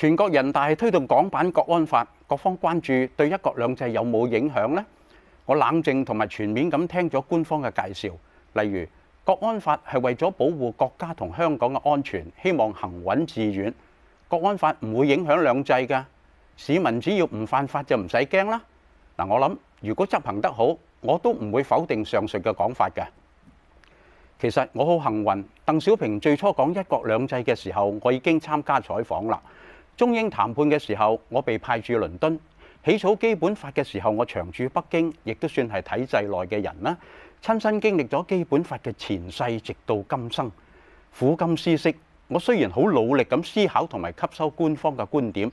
全國人大係推動港版《國安法》，各方關注對一國兩制有冇影響呢？我冷靜同埋全面咁聽咗官方嘅介紹，例如《國安法》係為咗保護國家同香港嘅安全，希望行穩致遠，《國安法》唔會影響兩制㗎。市民只要唔犯法就唔使驚啦。嗱，我諗如果執行得好，我都唔會否定上述嘅講法嘅。其實我好幸運，鄧小平最初講一國兩制嘅時候，我已經參加採訪啦。中英談判嘅時候，我被派駐倫敦起草基本法嘅時候，我長駐北京，亦都算係體制內嘅人啦。親身經歷咗基本法嘅前世，直到今生。苦今思昔，我雖然好努力咁思考同埋吸收官方嘅觀點，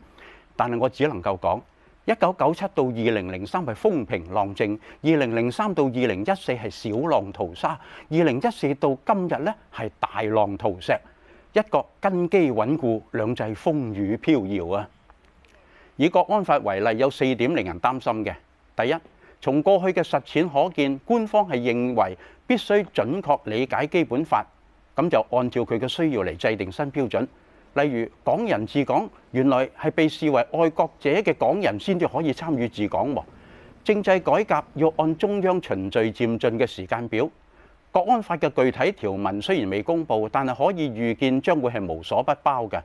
但係我只能夠講：一九九七到二零零三係風平浪靜，二零零三到二零一四係小浪淘沙，二零一四到今日呢係大浪淘石。一國根基穩固，兩制風雨飄搖。國安法嘅具體條文雖然未公布，但係可以預見將會係無所不包嘅。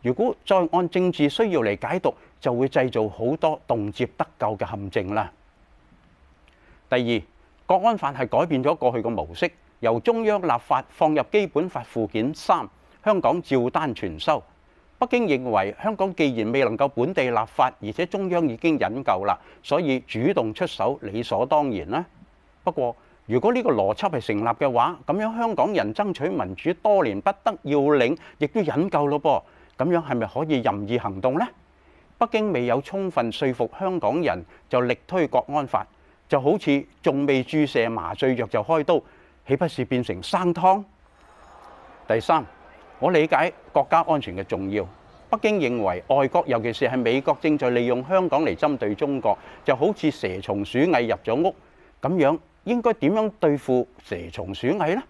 如果再按政治需要嚟解讀，就會製造好多如果呢個邏輯係成立嘅話，咁樣香港人爭取民主多年不得要領，亦都引咎咯噃。咁樣係咪可以任意行動呢？北京未有充分說服香港人就力推國安法，就好似仲未注射麻醉藥就開刀，豈不是變成生湯？第三，我理解國家安全嘅重要。北京認為外國尤其是係美國正在利用香港嚟針對中國，就好似蛇蟲鼠蟻入咗屋咁樣。應該點樣對付蛇蟲鼠蟻呢？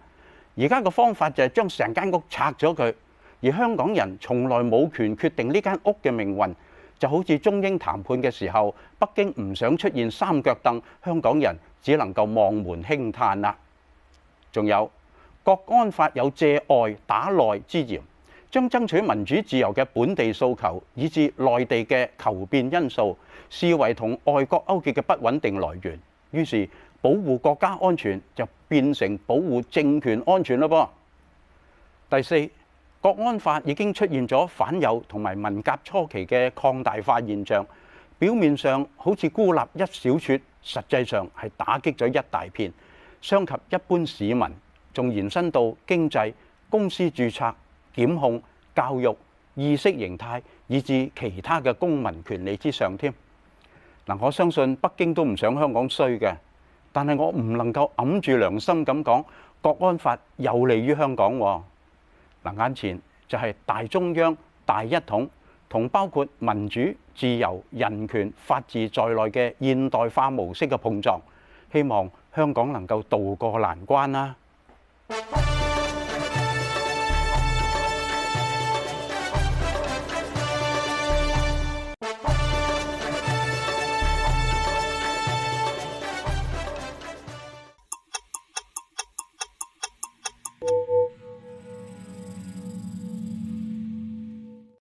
而家個方法就係將成間屋拆咗佢。而香港人從來冇權決定呢間屋嘅命運，就好似中英談判嘅時候，北京唔想出現三腳凳，香港人只能夠望門輕嘆啦。仲有國安法有借外打內之嫌，將爭取民主自由嘅本地訴求，以至內地嘅求變因素，視為同外國勾結嘅不穩定來源，於是，保護國家安全就變成保護政權安全咯噃。第四，國安法已經出現咗反右同埋文革初期嘅擴大化現象，表面上好似孤立一小撮，實際上係打擊咗一大片，傷及一般市民，仲延伸到經濟、公司註冊、檢控、教育、意識形態，以至其他嘅公民權利之上添嗱。我相信北京都唔想香港衰嘅但係我唔能夠揞住良心咁講，國安法有利於香港啊。嗱，眼前就係大中央、大一統同包括民主、自由、人權、法治在內嘅現代化模式嘅碰撞，希望香港能夠渡過難關啦啊。